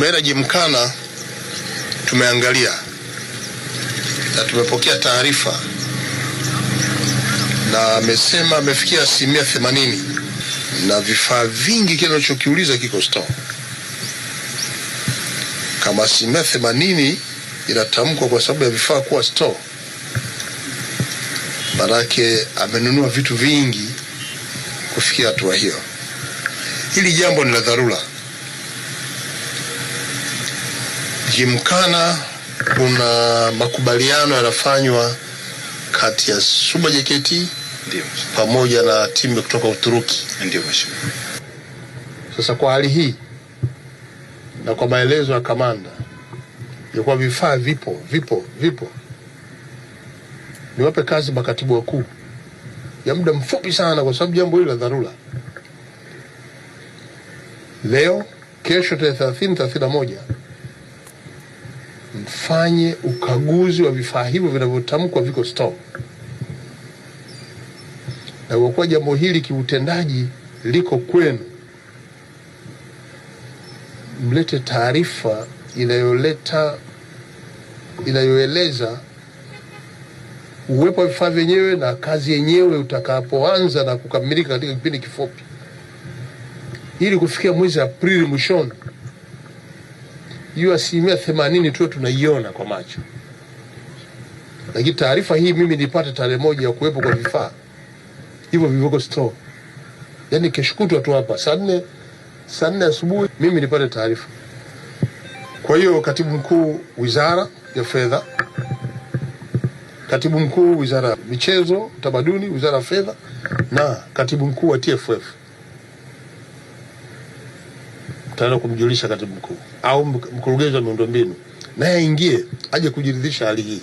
Tumeenda Jimkana, tumeangalia na tumepokea taarifa, na amesema amefikia asilimia themanini na vifaa vingi, kile anachokiuliza kiko store. Kama asilimia themanini inatamkwa kwa sababu ya vifaa kuwa store, manake amenunua vitu vingi kufikia hatua hiyo. Hili jambo ni la dharura. Jimkana kuna makubaliano yanafanywa kati ya Suba JKT pamoja na timu kutoka Uturuki. Ndiyo mheshimiwa. Sasa kwa hali hii na kwa maelezo ya kamanda ya kuwa vifaa vipo vipo vipo, niwape kazi makatibu wakuu ya muda mfupi sana, kwa sababu jambo hili la dharura leo, kesho tarehe 30 31 mfanye ukaguzi wa vifaa hivyo vinavyotamkwa viko stock, na kwa kuwa jambo hili kiutendaji liko kwenu, mlete taarifa inayoleta inayoeleza uwepo wa vifaa vyenyewe na kazi yenyewe utakapoanza na kukamilika katika kipindi kifupi, ili kufikia mwezi Aprili mwishoni hiyo asilimia themanini tu tunaiona kwa macho, lakini taarifa hii mimi nipate tarehe moja ya kuwepo kwa vifaa hivyo vilivyoko store, yaani kesho kutwa tu hapa saa nne saa nne asubuhi mimi nipate taarifa. Kwa hiyo katibu mkuu wizara ya fedha, katibu mkuu wizara ya michezo, utamaduni, wizara ya fedha na katibu mkuu wa TFF mkutano kumjulisha katibu mkuu au mkurugenzi wa miundombinu, naye aingie aje kujiridhisha hali hii.